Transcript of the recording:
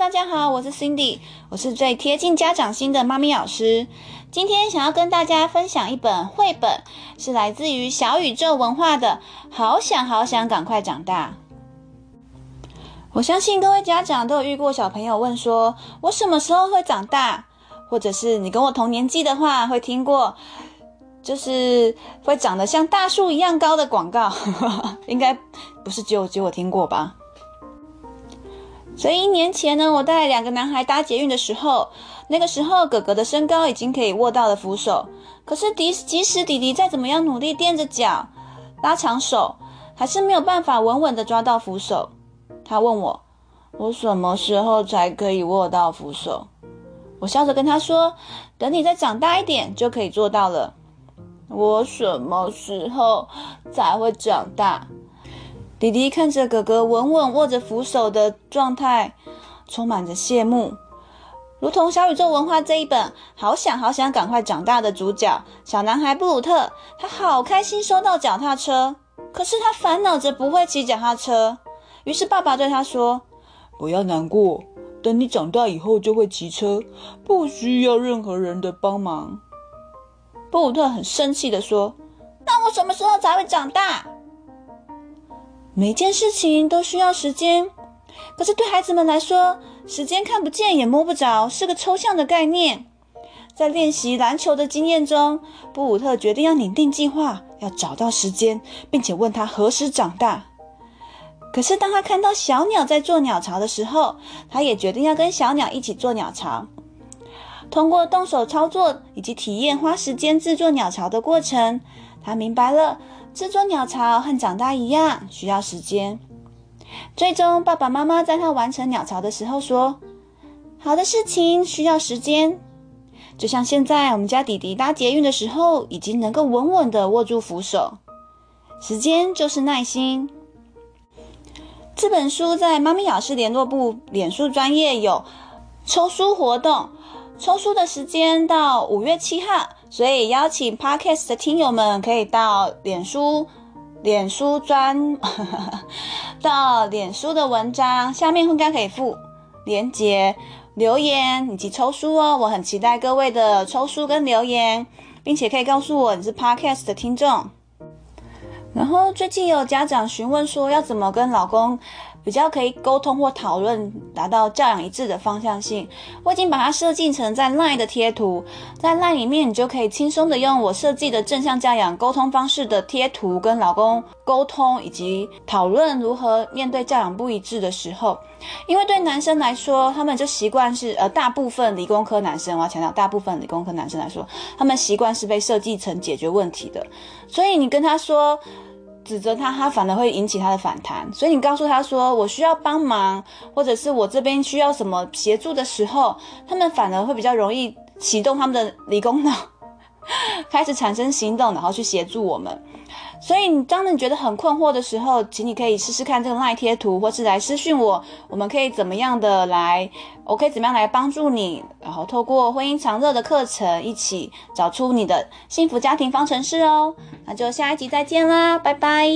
大家好，我是 Cindy，我是最貼近家長心的媽咪老師。今天想要跟大家分享一本繪本，是來自於小宇宙文化的《好想好想趕快長大》。我相信各位家長都有遇過小朋友問說：“我什麼時候會長大？”或者是你跟我同年紀的話，會聽過就是會長得像大樹一樣高的廣告， 應該不是只有只有我聽過吧？所以一年前呢，我帶兩個男孩搭捷運的時候，那個時候哥哥的身高已經可以握到了扶手，可是迪，即使弟弟再怎麼樣努力墊着腳，拉長手，還是沒有辦法穩穩的抓到扶手。他問我，我什麼時候才可以握到扶手？我笑着跟他說，等你再長大一點就可以做到了。我什麼時候才會長大？迪迪看着哥哥穩穩握着扶手的狀態，充滿着羨慕，如同《小宇宙文化》這一本好想好想趕快長大的主角小男孩布魯特，他好開心收到腳踏車，可是他煩惱着不會騎腳踏車。於是爸爸對他說：“不要難過，等你長大以後就會騎車，不需要任何人的幫忙。”布魯特很生氣地說：“那我什麼時候才會長大？”每件事情都需要時間，可是對孩子們來說，時間看不見也摸不着，是個抽象的概念。在練習籃球的經驗中，布魯特決定要擬定計劃，要找到時間，並且問他何時長大。可是當他看到小鳥在做鳥巢的時候，他也決定要跟小鳥一起做鳥巢。通過動手操作以及體驗花時間製作鳥巢的過程，他明白了製作鳥巢和長大一樣需要時間。最終，爸爸媽媽在他完成鳥巢的時候說：“好的事情需要時間，就像現在我們家弟弟搭捷運的時候，已經能夠穩穩地握住扶手。時間就是耐心。”這本書在媽咪老師聯絡簿臉書專頁有抽書活動。抽書的時間到五月七號，所以邀請 Podcast 的聽友們可以到臉書，臉書專到臉書的文章下面，應該可以附連結、留言以及抽書哦。我很期待各位的抽書跟留言，並且可以告訴我你是 Podcast 的聽眾。然後最近有家長詢問說要怎麼跟老公。比較可以溝通或討論，達到教養一致的方向性。我已經把它設計成在 Line 的貼圖，在 Line 裡面你就可以輕鬆的用我設計的正向教養溝通方式的貼圖跟老公溝通，以及討論如何面對教養不一致的時候。因為對男生來說，他們就習慣是，呃，大部分理工科男生，我要強調，大部分理工科男生來說，他們習慣是被設計成解決問題的。所以你跟他說。指責他，他反而會引起他的反彈。所以你告訴他說：“我需要幫忙，或者是我這邊需要什麼協助的時候，他們反而會比較容易啟動他們的理工腦。”開始產生行動，然後去協助我們。所以，你當你覺得很困惑的時候，請你可以試試看這個 Line 貼圖，或是來私訊我，我們可以怎麼樣的來，我可以怎麼樣來幫助你，然後透過婚姻長熱的課程，一起找出你的幸福家庭方程式哦。那就下一集再見啦，拜拜。